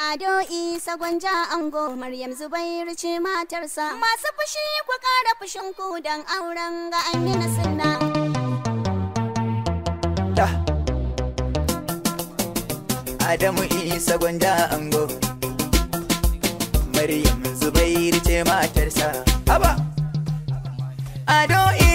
Ado Isa Gwanja Ango Maryam Zubairu ce matarsa masu fushi ku ƙara fushin ku dan auren ga Amina Sunna. Adamu Isa Gwanja Ango Maryam Zubairu ce matarsa. Aba! Ado Isa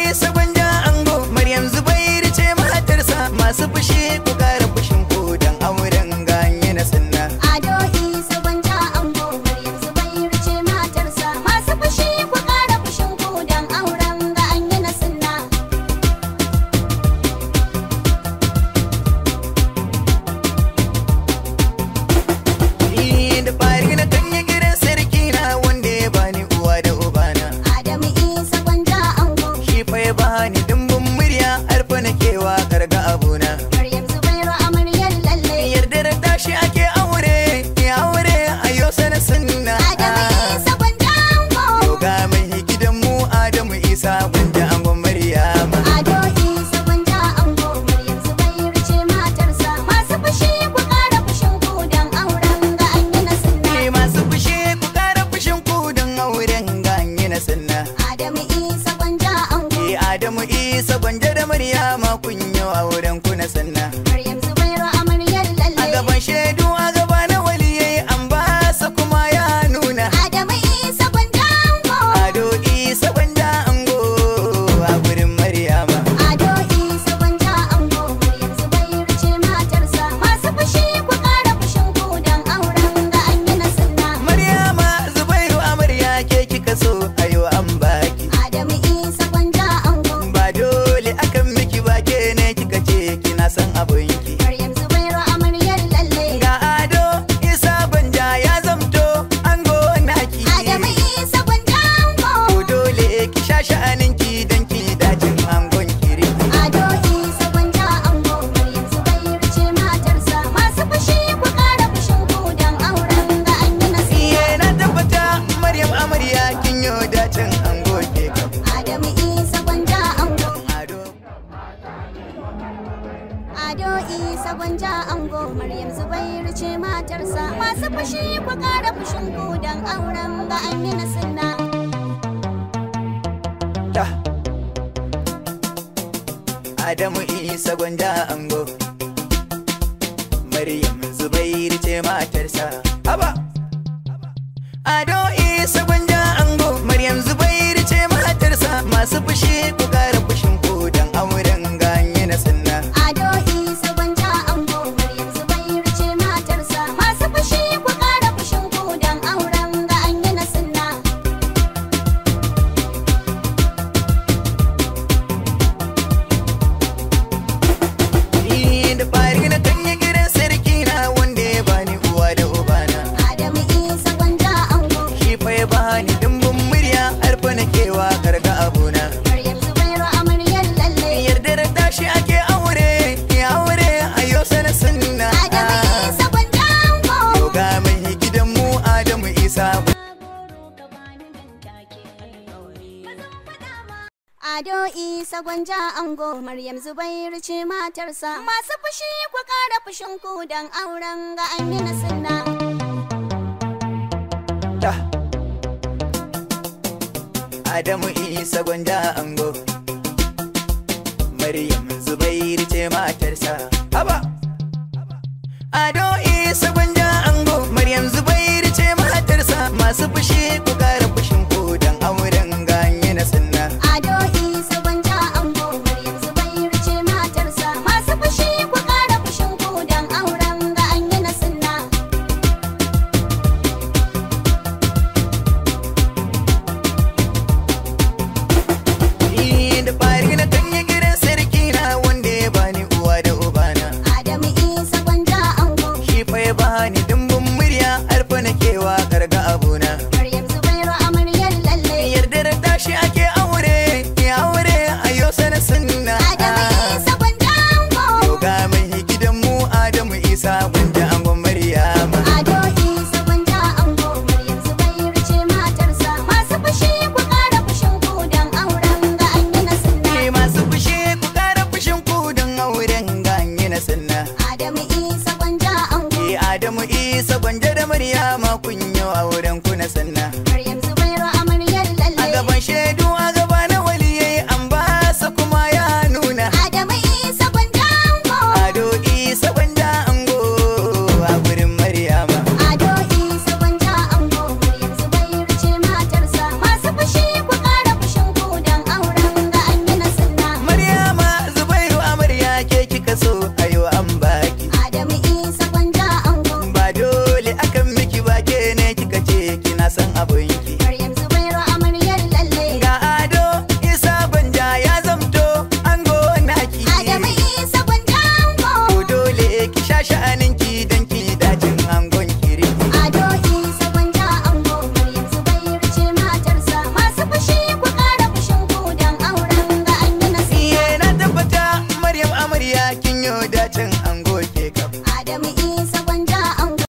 na sanna Adamu Isa Gwanja ango Eh Adamu Isa banja da Maryama kunyo a wurin ku na sanna do'i sabon ja ango maryam zubairu ce matarsa masu fushi ku kara fushin ku don auren ga na sunna Adamu Isa gwanda ango Maryam Zubairu ce matarsa Aba Ado Isa gwanda Ado Isa Gwanja Ango Maryam Zubairu ce matarsa masu fushi ku ƙara fushin ku dan auren ga Amina Sunna. Adamu Isa Gwanja Ango Maryam Zubairu ce matarsa. Aba! Ado Isa Gwanja